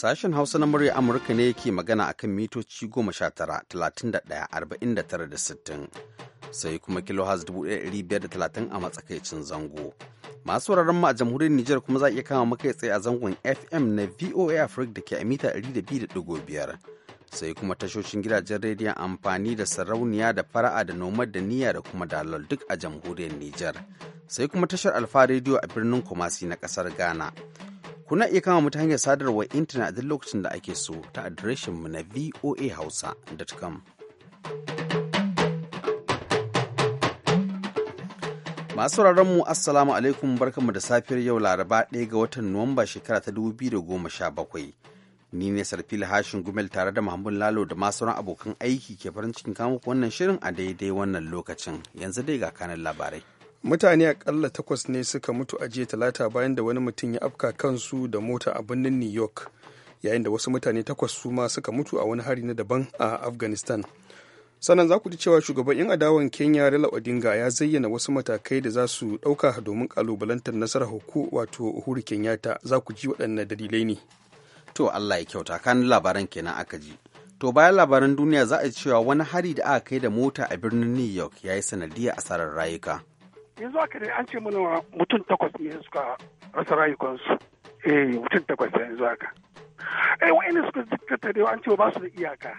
Sashen Hausa na murya Amurka ne yake magana a kan mitoci 19 sai kuma kilohaz 1530 a matsakaicin zango. Masu wuraren mu a jamhuriyar Nijar kuma za a iya kama makai tsaye a zangon FM na VOA Africa da ke a mita 200.5 sai kuma tashoshin gidajen rediyon amfani da sarauniya da fara'a da nomad da niyya da kuma dalol duk a jamhuriyar Nijar. Sai kuma tashar Alfa rediyo a birnin Kumasi na kasar Ghana. Kuna iya kama mu ta hanyar sadarwar intanet a duk lokacin da ake so ta mu na voahausa.com. Masu mu Assalamu alaikum barkanmu da safiyar yau Laraba ɗaya ga watan Nuwamba shekara ta dubu biyu da goma sha bakwai Ni ne Sarfil Hashin Gumel tare da Mahmud Lalo da masu sauran abokan aiki ke farin cikin kamuku wannan shirin a daidai wannan lokacin. Yanzu dai ga kanan labarai. mutane akalla takwas ne suka mutu a jiya talata bayan da wani mutum ya afka kansu da mota a birnin new york yayin da wasu mutane takwas su ma suka mutu a wani hari na daban a afghanistan sannan za ku ji cewa shugaban 'yan adawan kenya rila odinga ya zayyana wasu matakai da za su ɗauka domin kalubalantar nasarar hukku wato uhuru kenyatta za ku ji waɗannan dalilai ne to allah ya kyauta kan labaran kenan aka ji to bayan labaran duniya za a cewa wani hari da aka kai da mota a birnin new york ya yi sanadiyar asarar rayuka yanzu haka ne an ce mana mutum takwas ne suka rasa rayukansu eh mutum takwas yanzu haka eh wa'ina suka jikkata da an ce ba su da iyaka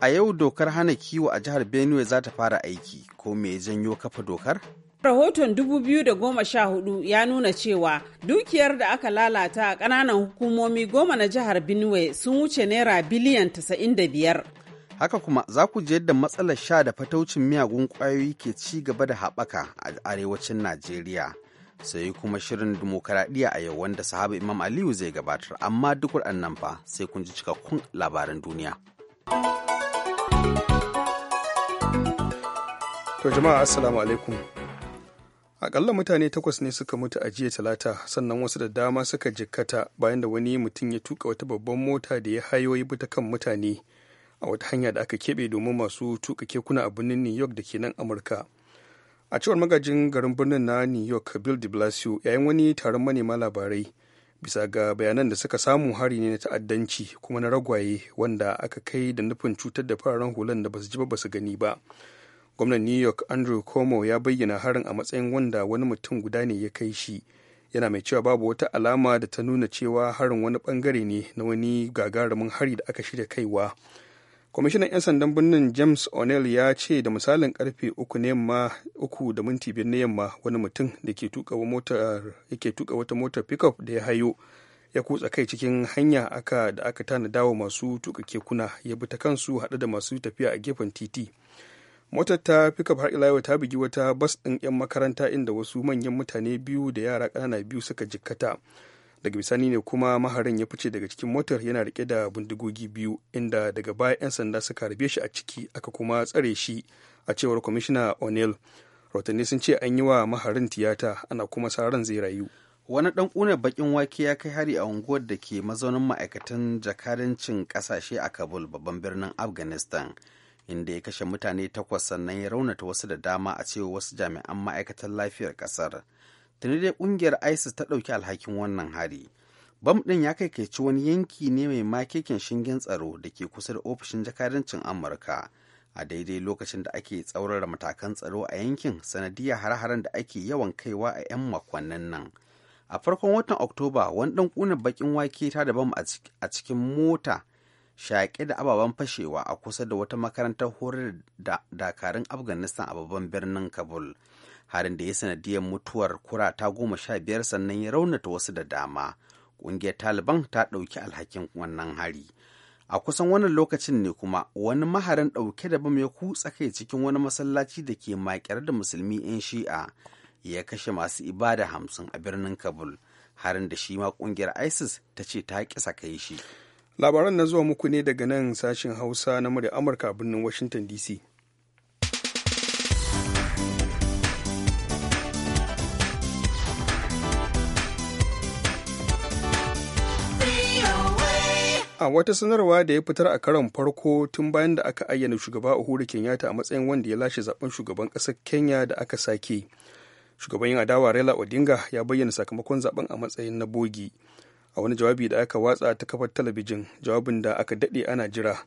a yau dokar hana kiwo a jihar benue za ta fara aiki ko me janyo kafa dokar Rahoton 2014 ya nuna cewa dukiyar da aka lalata a ƙananan hukumomi goma na jihar Benue sun wuce naira biliyan 95. haka kuma za ku je yadda matsalar sha da fataucin miyagun ƙwayoyi ke ci gaba da haɓaka a arewacin najeriya sai kuma shirin dimokuraɗiyya a yau wanda sahaba imam aliyu zai gabatar amma duk waɗannan fa sai kun ji cikakkun labaran duniya to jama'a assalamu alaikum akalla mutane takwas ne suka mutu a jiya talata sannan wasu da dama suka jikkata bayan da wani mutum ya tuka wata babban mota da ya hayoyi ta kan mutane a wata hanya da aka keɓe domin masu tuka kekuna a birnin new york da ke nan amurka a cewar magajin garin birnin na new york bill de blasio yayin wani taron manema labarai bisa ga bayanan da suka samu hari ne na ta'addanci kuma na ragwaye wanda aka kai da nufin cutar da fararen hulan da basu ji ba basu gani ba gwamnan new york andrew cuomo ya bayyana harin a matsayin wanda wani mutum guda ne ya kai shi yana mai cewa babu wata alama da ta nuna cewa harin wani bangare ne na wani gagarumin hari da aka shirya kaiwa kwamishinan 'yan sandan birnin james o'neill ya ce da misalin karfe uku na yamma uku da minti biyar na yamma wani mutum da ke tuka wata motar pickup da ya hayo ya kutsa kai cikin hanya aka da aka tanada wa masu tuka kekuna ya bi ta kansu hada da masu tafiya a gefen titi motar ta pickup har ila ta bugi wata bas din 'yan makaranta inda wasu manyan mutane biyu da yara kanana biyu suka jikkata daga bisani ne kuma maharin ya fice daga cikin motar yana rike da bindigogi biyu inda daga baya 'yan sanda suka harbe shi a ciki aka kuma tsare shi a cewar kwamishina o'neill rotanni sun ce an yi wa maharin tiyata ana kuma sa ran zai rayu wani dan ƙunar bakin wake ya kai hari a unguwar da ke mazaunin ma'aikatan jakadancin kasashe a kabul babban birnin afghanistan inda ya kashe mutane takwas sannan ya raunata wasu da dama a cewa wasu jami'an ma'aikatan lafiyar kasar. tuni dai kungiyar isis ta ɗauki alhakin wannan hari bam ɗin ya kaikaici wani yanki ne mai makekin shingen tsaro da ke kusa da ofishin jakadancin amurka a daidai lokacin da ake tsaurara matakan tsaro a yankin sanadiyar har-haren da ake yawan kaiwa a 'yan makonnin nan a farkon watan oktoba wani ɗan ƙunar bakin wake ta da bam a cikin mota shaƙe da ababen fashewa a kusa da wata makarantar horar da dakarun afghanistan a babban birnin kabul harin da ya sanadiyar mutuwar kura ta goma sha biyar sannan ya raunata wasu da dama ƙungiyar taliban ta ɗauki alhakin wannan hari a kusan wannan lokacin ne kuma wani maharin ɗauke da bam ya kutsa kai cikin wani masallaci da ke makiyar da musulmi 'yan shi'a ya kashe masu ibada hamsin a birnin kabul harin da shi ma ƙungiyar isis ta ce ta kisa kai shi labaran na zuwa muku ne daga nan sashen hausa na murya amurka birnin washington dc a wata sanarwa da ya fitar a karon farko tun bayan da aka ayyana shugaba uhuru kenyatta a matsayin wanda ya lashe zaben shugaban ƙasar kenya da aka sake shugaban yin adawa raila odinga ya bayyana sakamakon zaben a matsayin na bogi a wani jawabi da aka watsa ta kafar talabijin jawabin da aka daɗe ana jira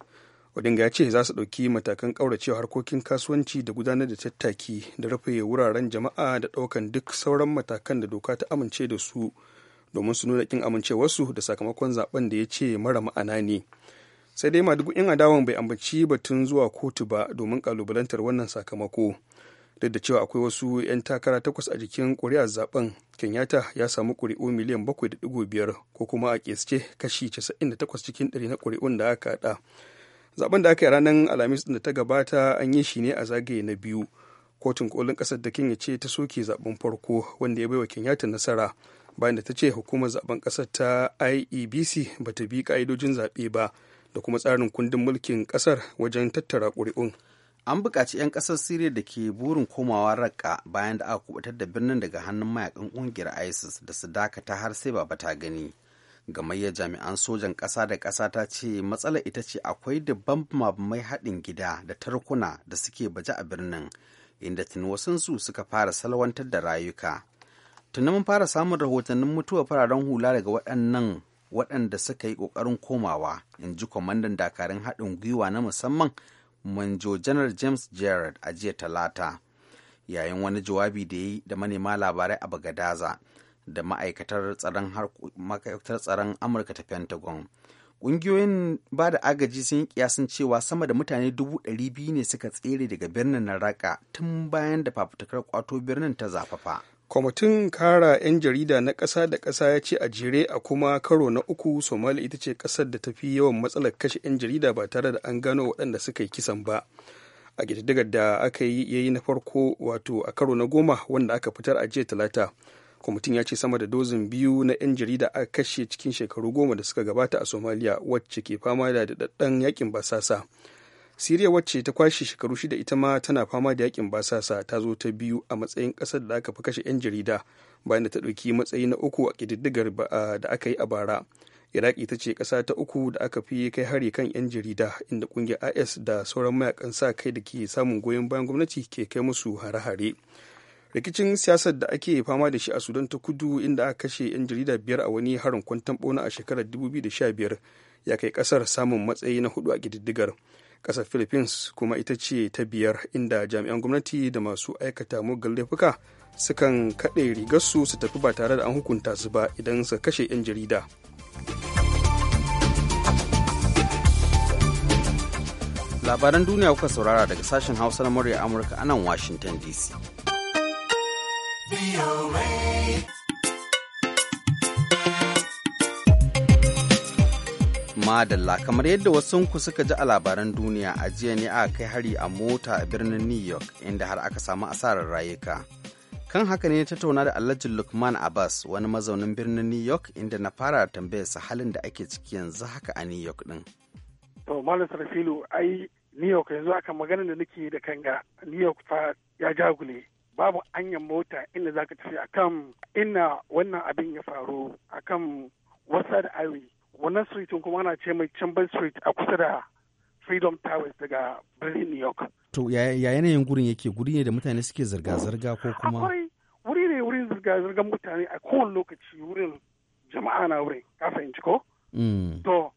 odinga ya ce za su ɗauki matakan ƙauracewa harkokin kasuwanci da gudanar da tattaki da rufe wuraren jama'a da ɗaukan duk sauran matakan da doka ta amince da su domin su nuna kin amincewarsu da sakamakon zaben da ya ce mara ma'ana ne sai dai madugu in adawan bai ambaci batun zuwa kotu ba domin kalubalantar wannan sakamako duk da cewa akwai wasu 'yan takara takwas a jikin ƙuri'ar zaben kenyatta ya samu kuri'u miliyan 7.5 ko kuma a ƙesce kashi 98 cikin 100 na ƙuri'un da aka haɗa zaben da aka yi ranar alhamis da ta gabata an yi shi ne a zagaye na biyu kotun kolin ƙasar da kenya ce ta soke zaben farko wanda ya baiwa kenyatta nasara bayan da ta ce hukumar zaben ƙasar ta iebc ba ta bi ƙa'idojin zaɓe ba da kuma tsarin kundin mulkin ƙasar wajen tattara ƙuri'un an buƙaci 'yan ƙasar siriya da ke burin komawa raƙa bayan da aka kubutar da birnin daga hannun mayakan ƙungiyar isis da su dakata har sai ba ta gani gamayyar jami'an sojan ƙasa da ƙasa ta ce matsala ita ce akwai dabban mai haɗin gida da tarkuna da suke baje a birnin inda tuni su suka fara salwantar da rayuka tuni mun fara samun rahotannin mutuwar fararen hula daga waɗannan waɗanda suka yi ƙoƙarin komawa in ji kwamandan dakarun haɗin gwiwa na musamman manjo janar james gerard a jiya talata yayin wani jawabi da ya yi da manema labarai a bagadaza da ma'aikatar tsaron amurka ta pentagon ƙungiyoyin ba da agaji sun yi kiyasin cewa sama da mutane dubu ɗari biyu ne suka tsere daga birnin na raka tun bayan da fafutukar kwato birnin ta zafafa kwamitin kara 'yan jarida na ƙasa da ƙasa ya ce a jere a kuma karo na uku somali ita ce ƙasar da ta fi yawan matsalar kashe 'yan jarida ba tare da an gano waɗanda suka yi kisan ba a ƙididdigar da aka yi ya yi na farko wato a karo na goma wanda aka fitar a jiya talata kwamitin ya ce sama da dozin biyu na 'yan jarida aka kashe cikin shekaru goma da suka gabata a somaliya wacce ke fama da daɗaɗɗen yakin basasa siriya wacce ta kwashe shekaru shida ita ma tana fama da yakin basasa ta zo ta biyu a matsayin ƙasar da aka fi kashe 'yan jarida bayan da ta ɗauki matsayi na uku a ƙididdigar da aka yi a bara iraki ta ce kasa ta uku da aka fi kai hari kan 'yan jarida inda ƙungiyar is da sauran mayakan sa kai da ke samun goyon bayan gwamnati ke kai musu hare-hare rikicin siyasar da ake fama da shi a sudan ta kudu inda aka kashe 'yan jarida biyar a wani harin kwantan bona a shekarar 2015 ya kai kasar samun matsayi na hudu a kididdigar. ƙasar philippines kuma ita ce ta biyar inda jami'an gwamnati da masu aikata mugan laifuka sukan kaɗe rigarsu su tafi ba tare da an hukunta su ba idan su kashe 'yan jarida labaran duniya kuka saurara daga sashen hausa na murya amurka anan washington dc Madalla kamar yadda wasunku suka ji a labaran duniya a jiya ne aka kai hari a mota a birnin New York inda har aka samu asarar rayuka. Kan haka ne tattauna da Alhaji Lukman Abbas wani mazaunin birnin New York inda na fara tambayarsa halin da ake ciki yanzu haka a New York din. To Malam Sarfilu ai New York yanzu aka magana da nake da kanga New York fa ya jagule babu anyan mota inda zaka tafi akan ina wannan abin ya faru akan wasa da ayoyi wannan street kuma ana ce mai chamber street a kusa da freedom towers daga birnin new york to ya yanayin gurin yake guri ne da mutane suke zirga-zirga ko kuma akwai wuri ne wurin zirga zirga mutane a kowane lokaci wurin jama'a na wurin ka fahimci ko mm. to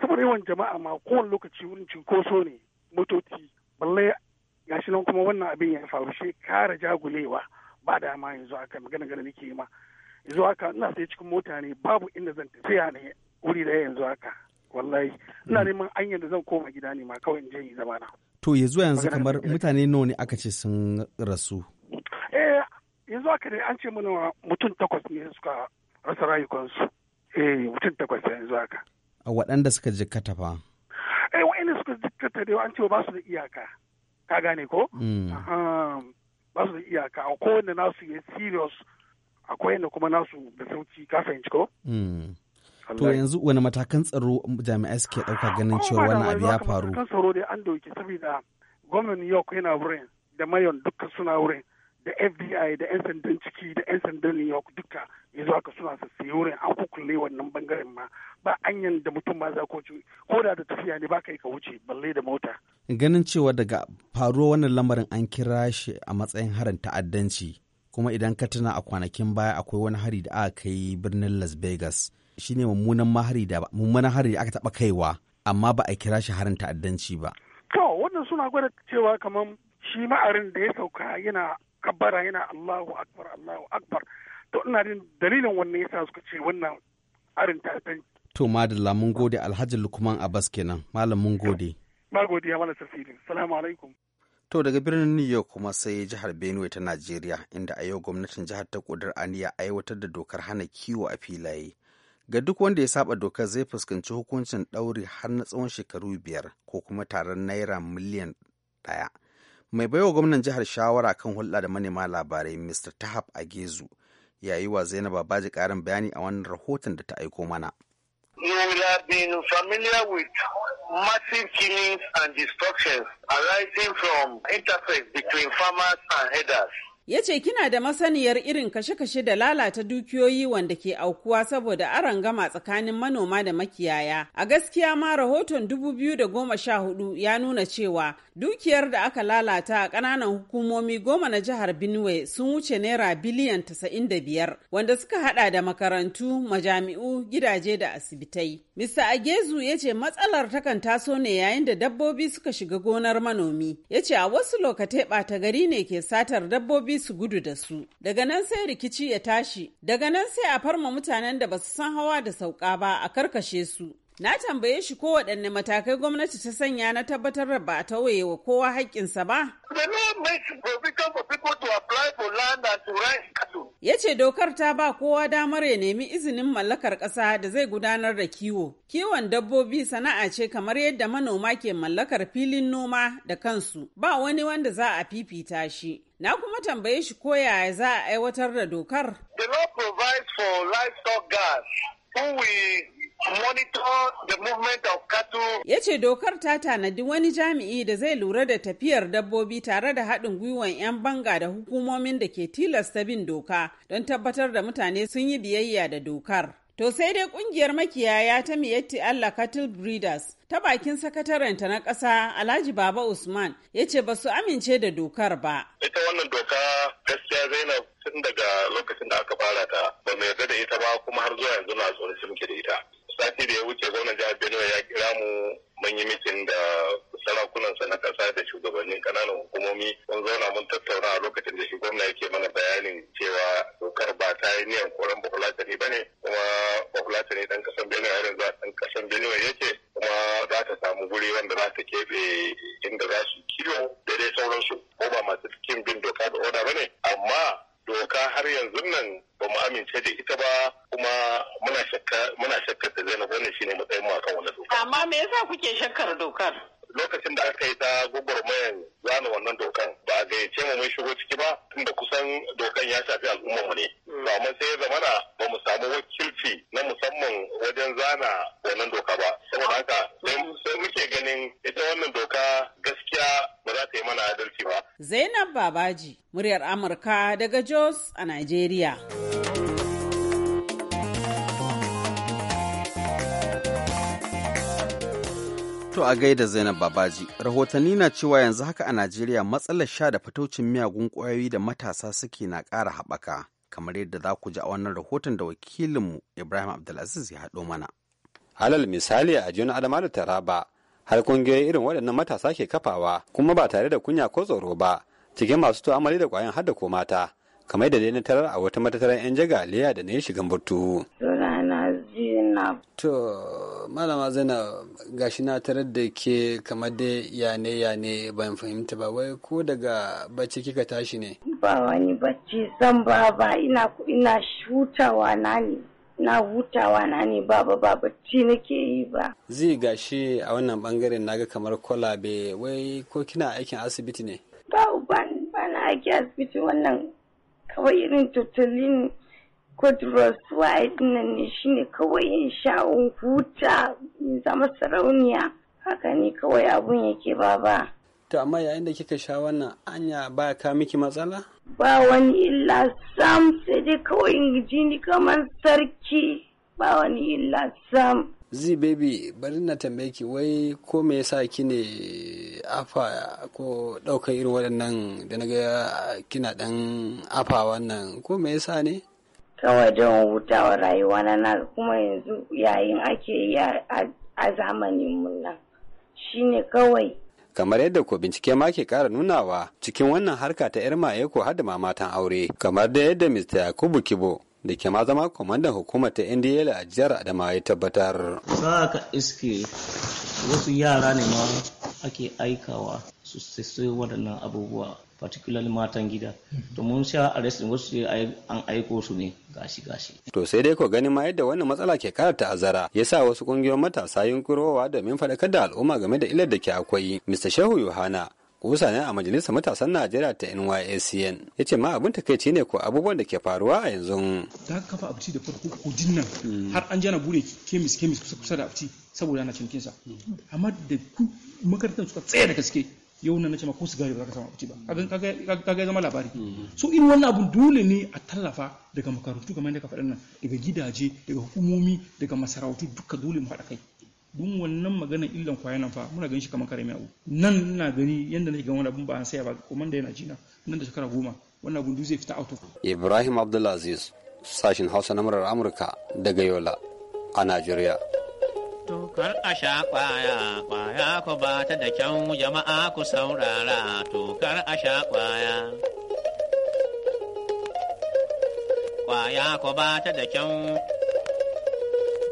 saboda yawan jama'a ma kowane lokaci wurin cinkoso ne motoci balle gashi nan kuma wannan abin ya faru shi kara jagulewa ba da ma yanzu aka magana gana nake ma yanzu haka ina sai cikin mota ne babu inda zan tafiya ne wuri ɗaya yanzu haka wallahi ina mm. neman an da zan koma gida ne ma kawai je yi zamana to yanzu yanzu kamar mutane nawa ne aka ce sun rasu eh yanzu haka dai an ce mana mutum takwas ne suka rasa rayukansu eh mutum takwas yanzu haka a waɗanda suka jikkata fa eh waɗanda suka jikkata dai an ce ba su da iyaka ka gane ko mm. ba su da iyaka a kowanne nasu ya serious akwai yadda kuma nasu da sauki ka fahimci ko mm. to yanzu wani matakan tsaro jami'ai suke ɗauka ganin cewa wani abu ya faru matakan tsaro an dauki saboda gwamnan york yana wurin da mayon duka suna wurin da fbi da yan sandan ciki da yan sandan new york duka yanzu aka suna sassaye wurin an kukulle wannan bangaren ma ba anyan da mutum ma za ko da da tafiya ne ba ka ka wuce balle da mota ganin cewa daga faruwa wannan lamarin an kira shi a matsayin harin ta'addanci kuma idan ka tuna a kwanakin baya akwai wani hari da aka kai birnin las vegas shine mummunan mahari da mummunan hari da aka taba kaiwa amma ba a kira shi harin ta'addanci ba to wannan suna gwada cewa kamar shi ma'arin da ya sauka yana kabbara yana Allahu akbar Allahu akbar to ina jin dalilin wannan yasa suka ce wannan harin ta'addanci to madalla mun gode Alhaji Lukman Abbas kenan malam mun gode ba godiya mana salamu alaikum To daga birnin New York kuma sai jihar Benue ta Najeriya inda a yau gwamnatin jihar ta kudur aniya aiwatar da dokar hana kiwo a filaye ga duk wanda ya saba dokar zai fuskanci hukuncin ɗauri har na tsawon shekaru biyar ko kuma taron naira miliyan ɗaya mai baiwa gwamnan jihar shawara kan hulɗa da manema labarai mr tahab gezu ya yi wa zainab babaji ƙarin bayani a wannan rahoton da ta aiko mana You familiar with massive killings and destructions arising from interface between farmers and herders. ya ce kina da masaniyar irin kashe-kashe da lalata dukiyoyi wanda ke aukuwa saboda aron gama tsakanin manoma da makiyaya a gaskiya ma rahoton 2014 ya nuna cewa dukiyar da aka lalata a kananan hukumomi goma na jihar benue sun wuce naira biliyan 95 wanda suka hada da makarantu majami'u gidaje da asibitai mr agezu ya ce matsalar takan taso ne yayin da dabbobi suka shiga gonar manomi ya ce a wasu lokatai ɓata gari ne ke satar dabbobi su gudu da su. Daga nan sai rikici ya tashi, daga nan sai a farma mutanen da ba su san hawa da sauka ba a karkashe su. Na tambaye shi ko waɗanne matakai gwamnati ta sanya na tabbatar da ba a tauye wa kowa haƙƙinsa ba. Ya ce dokar ta ba kowa damar ya nemi izinin mallakar ƙasa da zai gudanar da kiwo. Kiwon dabbobi sana'a ce kamar yadda manoma ke mallakar filin noma da kansu, ba wani wanda za a fifita shi. Na kuma tambaye shi ko yaya za a aiwatar da dokar. The law provides for livestock gas. Ya ce dokar ta tanadi wani jami'i da zai lura da tafiyar dabbobi tare da haɗin gwiwan 'yan banga da hukumomin da ke tilasta bin doka don tabbatar da mutane sun yi biyayya da dokar. To sai dai kungiyar makiyaya ta miyatti Allah Cattle Breeders ta bakin sakatarenta na ƙasa Alhaji Baba Usman ya ce ba su amince da dokar ba. Ita wannan doka gaskiya Zainab tun daga lokacin da aka fara ta ba mai yarda da ita ba kuma har zuwa yanzu na tsoron muke da ita. sati da ya wuce gwamnan jihar benue ya kira mu mun yi mitin da sarakunansa na kasa da shugabannin kananan hukumomi mun zauna mun tattauna a lokacin da shi gwamna yake mana bayanin cewa dokar ba ta yi niyan koren bafulatani ba ne kuma bafulatani dan kasan benue irin za dan kasan benue yake kuma za ta samu guri wanda za ta keɓe inda za su kiwo da dai sauransu ko ba masu cikin bin doka da oda ba ne amma doka har yanzu nan ba mu amince da ita ba kuma muna shakkar da Zainab wannan shine matsayin mu akan wannan doka. Amma me yasa kuke shakkar dokar? lokacin da aka yi ta gwagwarmayan zana wannan dokan ba a gayyace mu mun shigo ciki ba da kusan dokan ya shafi al'ummar mu ne mm. to amma sai ya zamana ba mu samu wakilci na musamman wajen zana wannan doka ba saboda haka sai muke ganin ita wannan doka gaskiya ba za ta yi mana adalci ba Zainab Babaji muryar Amurka daga Jos a Najeriya. To a gaida Zainab Babaji, rahotanni na cewa yanzu haka a Najeriya matsalar sha da fataucin miyagun ƙwayoyi da matasa suke na ƙara haɓaka, kamar yadda za ku ji a wannan rahoton da wakilinmu Ibrahim Abdulaziz ya haɗo mana. Halal misali a jiyar Adama da Taraba, har kungiyoyi irin waɗannan matasa ke kafawa, kuma ba tare da kunya ko tsoro ba, cikin masu tu'amali da ƙwayan har ko mata, kamar yadda dai na tarar a wata matatar 'yan jagaliya da na yi shigan burtu. malama zana gashi na tarar da ke kamar da yane yane ban fahimta ba wai ko daga bacci kika tashi ne ba wani bacci san ba ba ina ina hutawa na ne na hutawa na ne baba ba bacci nake yi ba zai gashi a wannan bangaren naga kamar kwalabe wai ko kina aikin asibiti ne ba ba na aiki asibiti wannan kawai irin tutulin kwadros wa nan ne shine kawai in shaun huta in zama sarauniya haka ne kawai abun yake baba. To amma yayin da kika sha wannan anya ba ka miki matsala? Ba wani illa sam sai dai kawai in ji ni kamar sarki ba wani illa sam. Zi baby bari na tambaye ki wai ko me yasa ki afa ko ɗaukar irin waɗannan da na ga kina ɗan afa wannan ko me yasa ne? kawai don wa rayuwa na na kuma yanzu yayin ake yi a zamanin nan shine kawai kamar yadda ko bincike ma ke kara nunawa cikin wannan harka ta yar maye ko hada ma matan aure kamar da yadda Mr. Yakubu Kibo da ke ma zama kwamandan hukumar ta NDL a jihar adama ya tabbatar. Za ka iske wasu yara ne ma ake aikawa su sai waɗannan abubuwa particularly matan gida to mun sha arrest wasu an aiko su ne gashi gashi to sai dai ko ganin ma yadda wannan matsala ke kara ta'azzara yasa wasu kungiyoyin matasa yunkurowa domin faɗakar da al'umma game da illar da ke akwai Mr. Shehu Yohana kusa ne a majalisar matasan najeriya ta nyscn ya ce ma abin takaici ne ko abubuwan da ke faruwa a yanzu ta kafa abci da farko ko nan har an jana bude kemis kemis kusa kusa da abci saboda ana cinkinsa mm. amma da makarantar suka tsaya da gaske yau na nace ma ko sigari ba za ka samu abuci ba mm. ka ga zama labari mm. so irin wannan abun dole ne a tallafa daga makarantu kamar yadda ka faɗa nan daga gidaje daga hukumomi daga masarautu duka dole mu haɗa kai dun wannan magana illan kwaya nan fa muna ganin shi kamar karami abu nan ina gani yanda nake ga wani abun ba an saya ba kuma da yana jina nan da shekara goma wannan abun duk zai fita auto Ibrahim Abdulaziz sashin Hausa na murar Amurka daga Yola a Najeriya To kar a sha kwaya, kwaya ku ba ta da kyau jama'a ku saurara, to kar a sha kwaya. Kwaya ku ba ta da kyau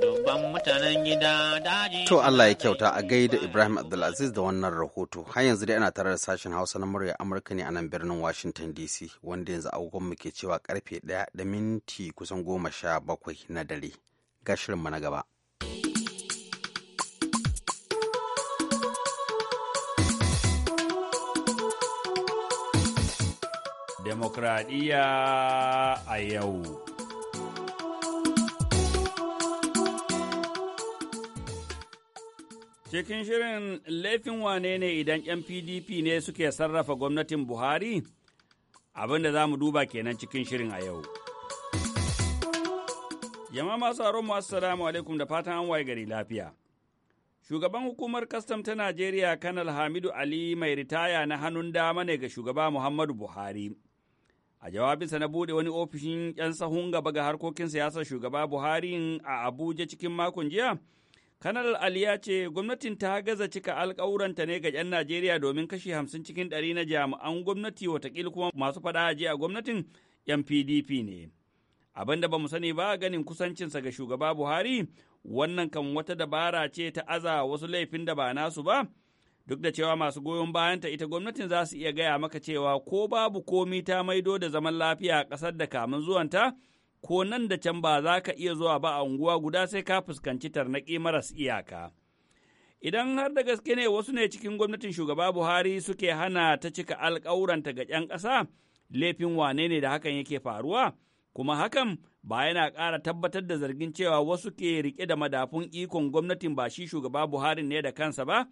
dubban mutanen gida daji. To Allah ya kyauta a gaida Ibrahim Abdulaziz da wannan rahoto. Har yanzu dai ana tare da sashen Hausa na murya Amurka ne a nan birnin Washington DC wanda yanzu agogon mu ke cewa karfe ɗaya da minti kusan goma sha bakwai na dare. Ga mu na gaba. demokradiyya a yau. Cikin shirin laifin wane ne idan 'yan PDP ne suke sarrafa gwamnatin Buhari? Abin da za mu duba kenan cikin shirin a yau. Yama masu mu assalamu alaikum da fatan an waye gari lafiya. Shugaban hukumar kastam ta Najeriya Kanal Hamidu Ali mai ritaya na hannun dama ne ga shugaba Muhammadu Buhari. A jawabinsa na bude wani ofishin 'yan sahun gaba ga harkokin siyasar shugaba Buhari a Abuja cikin makon jiya, Kanal Ali ya ce gwamnatin ta gaza cika alkawuranta ne ga 'yan Najeriya domin kashi hamsin cikin ɗari na jami'an gwamnati watakila kuma masu faɗa a gwamnatin 'yan PDP ne. Abin da ba mu sani ba ganin kusancinsa ga shugaba Buhari, wannan kan wata dabara ce ta aza wasu laifin da ba nasu ba, Duk da cewa masu goyon bayanta ita gwamnatin za su iya gaya maka cewa ko babu komi ta maido da zaman lafiya a ƙasar da kamun zuwanta, ko nan da can ba za ka iya zuwa ba a unguwa guda sai ka fuskanci tarnaƙi maras iyaka. Idan har da gaske ne wasu ne cikin gwamnatin shugaba Buhari suke hana ta cika alƙawuranta ga 'yan ƙasa, laifin wane ne da hakan yake faruwa? Kuma hakan ba yana ƙara tabbatar da zargin cewa wasu ke riƙe da madafun ikon gwamnatin ba shi shugaba Buhari ne da kansa ba,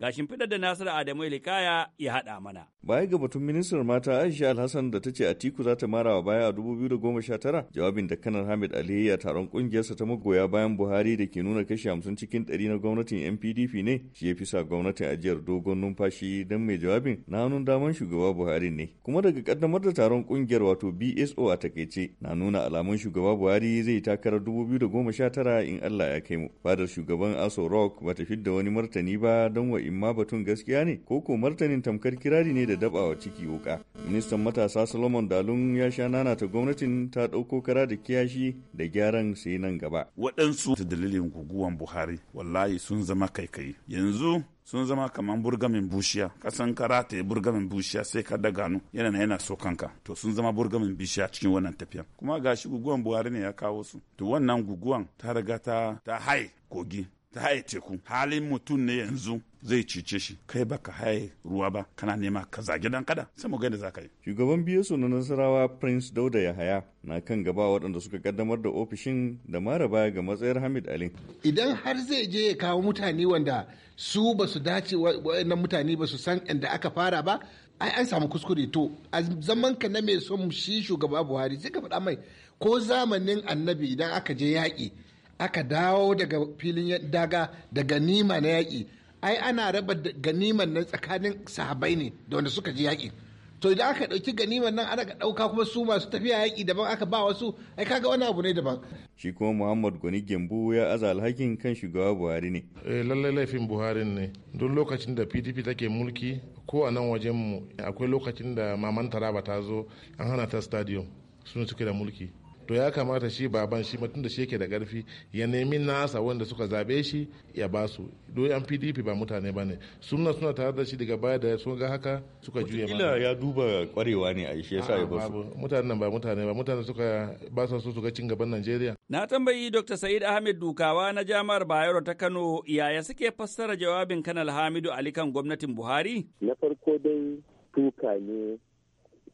Ga fidar da Nasiru Adamu Ilikaya ya haɗa mana. Baya ga batun ministar mata Aisha Alhassan da ta ce Atiku za ta mara wa baya a 2019 jawabin da kanar Hamid Ali ya taron kungiyarsa ta magoya bayan Buhari da ke nuna kashi 50 cikin 100 na gwamnatin NPDP ne shi ya fi sa gwamnatin ajiyar dogon numfashi don mai jawabin na hannun daman shugaba Buhari ne. Kuma daga kaddamar da taron kungiyar wato BSO a takaice na nuna alamun shugaba Buhari zai takarar 2019 in Allah ya kai mu. Fadar shugaban Aso Rock ba ta fidda wani martani ba don wa imma batun gaskiya ne ko ko martanin tamkar kirari ne da dabawa ciki wuka. Ministan matasa Solomon Dalun ya sha nana ta gwamnatin ta ɗauko kara da kiyashi da gyaran sai nan gaba. Waɗansu ta dalilin guguwan Buhari wallahi sun zama kaikayi Yanzu sun zama kamar burgamin bushiya kasan kara ta yi burgamin bushiya sai ka daga nu yana yana so kanka to sun zama burgamin bishiya cikin wannan tafiya. kuma gashi guguwan buhari ne ya kawo su to wannan guguwan ta riga ta ta hai kogi ta haye teku halin mutum ne yanzu zai cice shi kai baka haye ruwa ba kana nema ka zagi dan kada sai mu ga yadda zaka yi shugaban biyu na nasarawa prince dauda yahaya na kan gaba waɗanda suka kaddamar da ofishin da mara baya ga matsayar hamid ali idan har zai je ya kawo mutane wanda su ba su dace waɗannan mutane ba su san inda aka fara ba ai an samu kuskure to a zaman ka na mai son shi shugaba buhari sai ka faɗa mai ko zamanin annabi idan aka je yaki. aka dawo daga filin daga da ganima na yaƙi ai ana raba ganiman nan tsakanin sahabai ne da wanda suka ji yaƙi to idan aka ɗauki ganiman nan ana ɗauka kuma su masu tafiya yaƙi daban aka ba wasu ai kaga wani abu ne daban shi kuma muhammad gwani gembu ya aza alhakin kan shugaba buhari ne eh, lallai laifin buhari ne duk lokacin da pdp take mulki ko a nan wajen mu akwai lokacin da maman taraba ta zo an hana ta stadium sun suke da mulki to ya kamata shi baban shi mutum da shi yake da karfi ya nemi nasa wanda suka zaɓe shi ya ba su yan pdp ba mutane ba ne suna suna tare da shi daga baya da sun ga haka suka juya ba ya duba kwarewa ne a shi yasa ya ba su mutanen ba mutane ba mutane suka ba su su ga cin gaban najeriya na tambayi dr sa'id ahmed dukawa na jami'ar bayero ta kano yaya suke fassara jawabin kanal hamidu ali kan gwamnatin buhari na farko dai tuka ne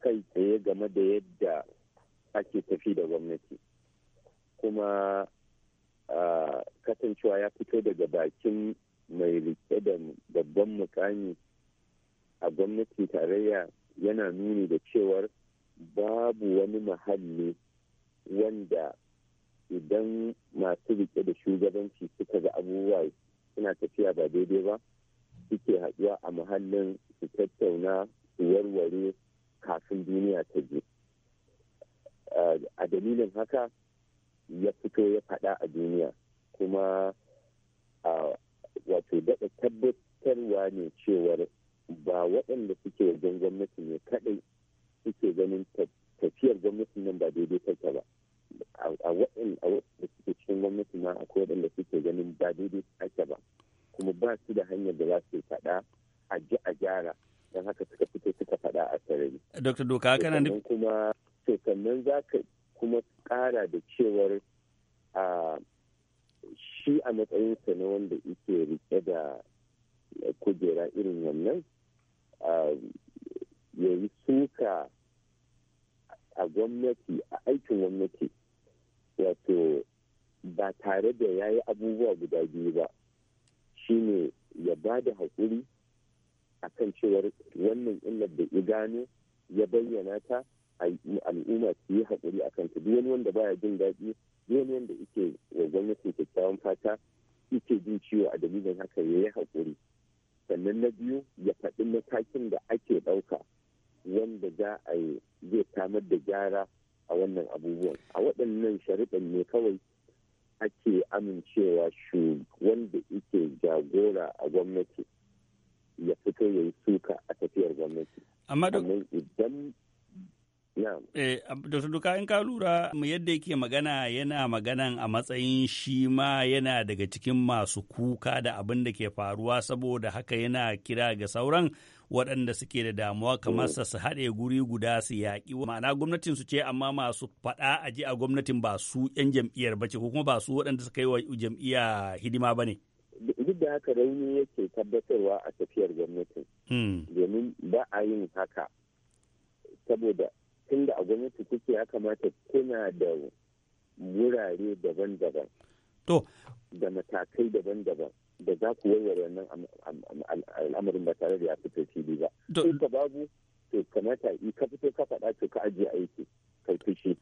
kai tsaye game da yadda ake tafi da gwamnati kuma kasancewa ya fito daga bakin mai rike da babban mukami a gwamnati tarayya yana nuni da cewar babu wani mahalli wanda idan masu rike da shugabanci suka ga abubuwa suna tafiya ba daidai ba suke haɗuwa a muhallin su tattauna su warware kafin duniya ta je Eh, a dalilin haka ya fito ya faɗa a duniya kuma wato daɗa tabbatarwa ne cewar ba waɗanda suke wajen gwamnati ne kaɗai suke ganin tafiyar gwamnati nan ba daidai take ba a waɗanda suke cikin gwamnati ma akwai waɗanda suke ganin ba daidai take ba kuma ba su da hanyar da za su faɗa a ji a gyara don haka suka fito suka faɗa a sarari. Dr. Doka kana kuma to sannan za ka kuma kara da cewar shi a matsayinsa na wanda yake rike da kujera irin wannan ya yi suka a gwamnati a aikin gwamnati wato ba tare da ya yi abubuwa guda biyu ba shine ya ba da haƙuri a kan cewar wannan illar da ya gano ya bayyana ta al'umma su yi hakuri a kanta duk wani wanda baya jin daɗi duk wani wanda yake wa gwamnati kyakkyawan fata ike jin ciwo a dalilin haka ya yi hakuri sannan na biyu ya faɗi matakin da ake ɗauka wanda za a yi zai samar da gyara a wannan abubuwan a waɗannan sharuɗan ne kawai ake amincewa wanda yake jagora a gwamnati ya fito ya yi suka a tafiyar gwamnati amma idan Eh, Dr. Duka in ka lura yadda yake magana yana maganan a matsayin shi ma yana daga cikin masu kuka da abin da ke faruwa saboda haka yana kira ga sauran waɗanda suke da damuwa kamar sa mm. su haɗe guri guda su yaƙi ma'ana gwamnatin su ce amma masu faɗa a ji a gwamnatin ba su 'yan jam'iyyar ba ce ko kuma ba su waɗanda suka yi wa jam'iyya hidima ba ne. duk da haka rauni yake tabbatarwa a tafiyar gwamnatin hmm. domin ba a yin haka saboda tunda a gwamnati kuke ya kamata kuna da wurare daban-daban da matakai daban-daban da za ku wayar wannan al'amarin ba tare da ya fito fili ba in ka babu to kamata in ka fito ka faɗa to ka ajiye aiki kai fushi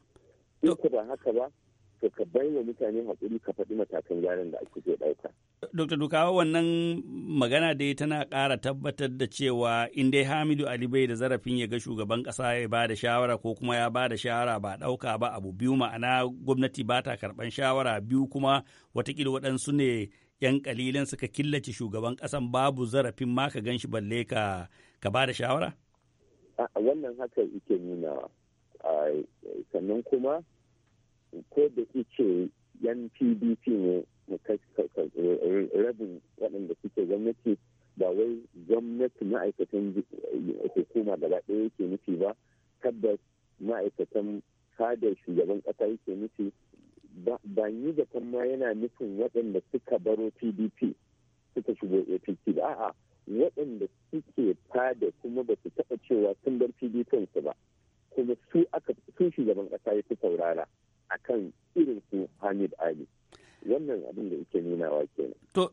in ka ba haka ba to ka bai wa mutane haƙuri ka faɗi matakan gyaran da ake ɗauka Dr. Dukawa wannan magana dai tana ƙara tabbatar da cewa in dai Hamidu Ali bai da zarafin ya ga shugaban ƙasa ya ba da shawara ko kuma ya ba da shawara ba ɗauka ba abu biyu ma'ana gwamnati ba ta karɓan shawara biyu kuma watakila waɗansu ne ‘yan kalilan suka killace shugaban ƙasan babu zarafin ma ka gan shi balle ka ka ba da shawara? Wannan haka ike nuna sannan kuma ko da ice yan PDP ne Eh, rabin waɗanda suke gwamnati ba wai gwamnati ma'aikatan eh, hukuma gaba ɗaya yake nufi ba tabbas ma'aikatan fadar shugaban ƙasa yake nufi ba ni da ma yana nufin waɗanda suka baro pdp suka shigo apc ba a'a waɗanda suke fada kuma ba su taɓa cewa sun bar pdp su ba kuma su aka su shugaban ƙasa ya fi saurara akan irin su hamid ali wannan abin da yake nunawa kenan. To,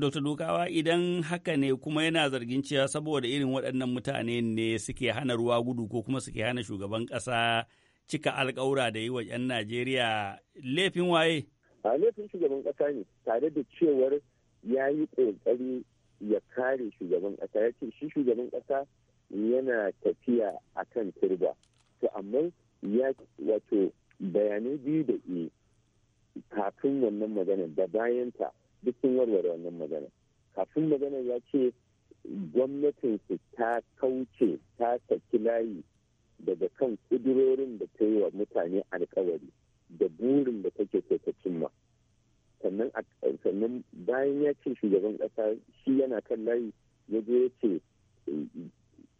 Dr. Dukawa idan haka ne kuma yana zargin cewa saboda irin waɗannan mutane ne suke hana ruwa gudu ko kuma suke hana shugaban ƙasa cika alƙawura da yi wa 'yan Najeriya laifin waye? A laifin shugaban ƙasa ne, tare da cewar ya yi ƙoƙari ya kare shugaban ƙasa, ya ce shi shugaban ƙasa yana tafiya akan turba. To, amma ya wato bayanai biyu da eh, kafin wannan magana da bayanta duk sun warware wannan magana kafin magana ya ce gwamnatinsu ta kauce ta saki layi daga kan kudurorin da ta yi wa mutane alkawari da burin da take so ta cimma sannan bayan ya ce shugaban kasa shi yana kan layi ya je ya ce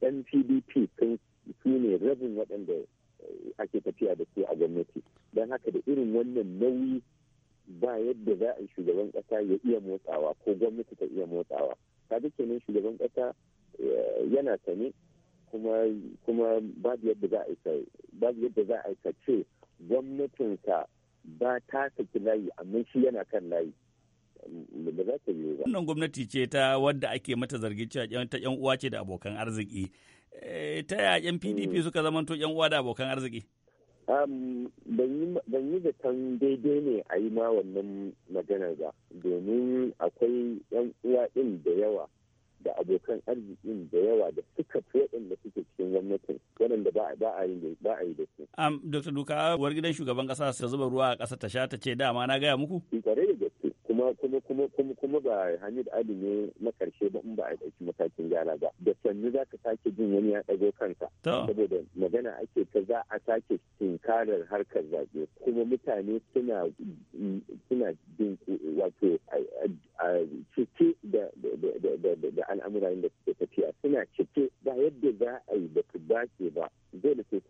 yan eh, pdp sun su ne rabin waɗanda eh, ake tafiya da su a gwamnati don haka da irin wannan nauyi ba yadda za a yi shugaban kasa ya iya motsawa ko gwamnati ta iya motsawa kaga kenan shugaban kasa eh, yana sane kuma babu yadda za a yi ka ce gwamnatinsa ba ta saki layi amma shi yana kan layi za Wannan gwamnati ce ta wadda ake mata zargin cewa ta yan uwa ce da abokan arziki. Eh, ta yaya yan PDP hmm. suka zamanto yan uwa da abokan arziki? Um, ban yi zaton daidai ne a yi ma wannan maganar ba domin akwai yan uwa ɗin da yawa da abokan arzikin da yawa da suka fi waɗanda suke cikin gwamnatin waɗanda ba a yi da su. Am um, Dr. Duka war gidan shugaban ƙasa su zuba ruwa a ƙasa ta sha ta ce dama na gaya muku? Ƙware da kuma kuma kuma kuma kuma ba hanyar Ali ne na karshe ba in ba a ɗauki matakin gyara ba da sannu za ka sake jin wani ya ɗago kanka saboda magana ake ta za a sake tunkarar harkar zaɓe kuma mutane suna mm, suna jin wato a cike da al'amura da suke tafiya suna cike ba yadda za a yi da ku dace ba dole sai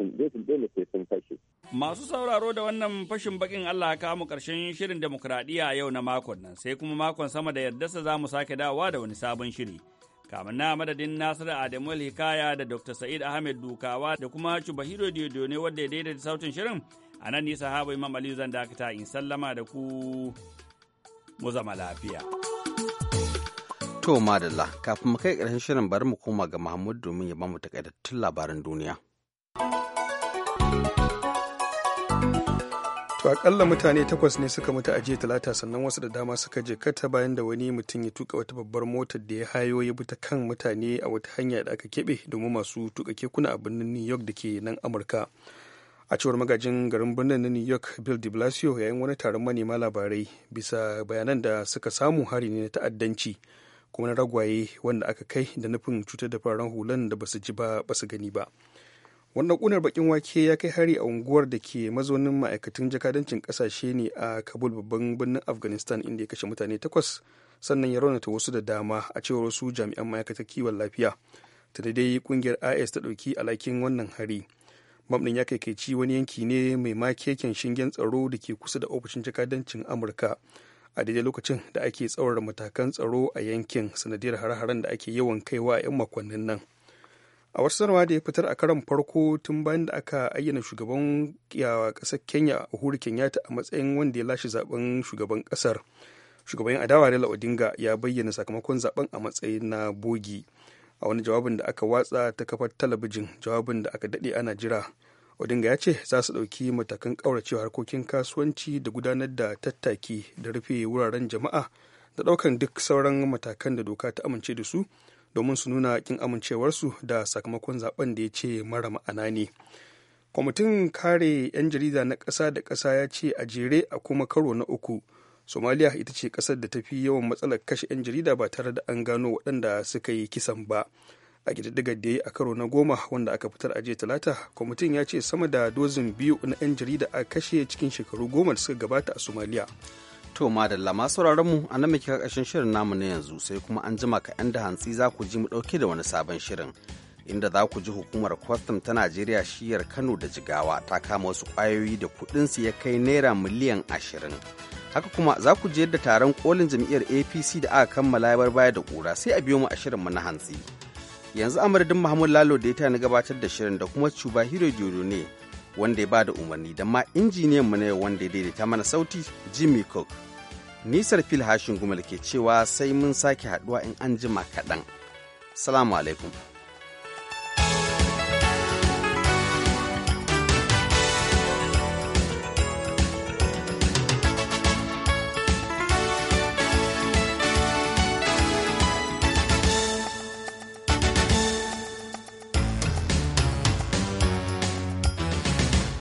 sun fashe Masu sauraro da wannan fashin bakin Allah ka mu karshen shirin demokradiyya yau na makon nan sai kuma makon sama da yardarsa za mu sake dawowa da wani sabon shiri. Kamin na madadin Nasiru Adamu Hikaya da Dr. Sa'id Ahmed Dukawa da kuma Chubahiro ne wadda ya daidaita sautin shirin a nan nisa habu Imam Aliyu zan dakata in sallama da ku mu zama lafiya. To madalla kafin mu kai ƙarshen shirin bari mu koma ga Mahmud domin ya bamu takaitattun labaran duniya. to akalla mutane takwas ne suka mutu a jiya talata sannan wasu da dama suka je kata bayan da wani mutum ya tuka wata babbar motar da ya hayo ya bi ta kan mutane a wata hanya da aka keɓe domin masu tuka kekuna a birnin new york da ke nan amurka a cewar magajin garin birnin na new york bill de blasio yayin wani taron manema labarai bisa bayanan da suka samu hari ne na ta'addanci kuma na ragwaye wanda aka kai da nufin cutar da fararen hulan da basu ji ba basu gani ba wannan kunar bakin wake ya kai hari a unguwar da ke mazaunin ma'aikatan jakadancin kasashe ne a kabul babban birnin afghanistan inda ya kashe mutane takwas sannan ya raunata wasu da dama a cewar wasu jami'an ma'aikatar kiwon lafiya ta dai kungiyar is ta ɗauki alhakin wannan hari bam ya kaikaici wani yanki ne mai makeken shingen tsaro da ke kusa da ofishin jakadancin amurka a daidai lokacin da ake tsawar matakan tsaro a yankin sanadiyar hare-haren da ake yawan kaiwa a 'yan makonnin nan a wasu sanarwa da ya fitar a karon farko tun bayan da aka ayyana shugaban kasar kenya uhuru kenyatta a matsayin wanda ya lashe zaben shugaban kasar shugaban adawa da odinga ya bayyana sakamakon zaben a matsayin na bogi a wani jawabin da aka watsa ta kafar talabijin jawabin da aka dade ana jira odinga ya ce za su ɗauki matakan ƙauracewa harkokin kasuwanci da gudanar da tattaki da rufe wuraren jama'a da ɗaukan duk sauran matakan da doka ta amince da su domin su nuna kin amincewarsu da sakamakon zaben da ya ce mara ma'ana ne kwamitin kare 'yan jarida na ƙasa da ƙasa ya ce a jere a kuma karo na uku somaliya ita ce ƙasar da ta fi yawan matsalar kashe 'yan jarida ba tare da an gano waɗanda suka yi kisan ba a ƙididdigar da ya yi a karo na goma wanda aka fitar a jiya talata kwamitin ya ce sama da dozin biyu na 'yan jarida a kashe cikin shekaru goma da suka gabata a somaliya To madalla masu mu a nan muke kakashin shirin namu na yanzu sai kuma an jima ka 'yan da hantsi za ku ji mu ɗauke da wani sabon shirin. Inda za ku ji hukumar kwastam ta Najeriya shiyar Kano da Jigawa ta kama wasu ƙwayoyi da kuɗin su ya kai naira miliyan ashirin. Haka kuma za ku ji yadda taron kolin jam'iyyar APC da aka kammala ya baya da ƙura sai a biyo mu a shirin mu na hantsi. Yanzu amurdin Muhammad Lalo da ya ta gabatar da shirin da kuma Cuba Hiro ne wanda ya ba da umarni da ma injiniyan mu na yau wanda ya daidaita mana sauti Jimmy Cook. Nisar fil hashin gumal ke cewa sai mun sake haduwa in an jima kaɗan. Salamu alaikum.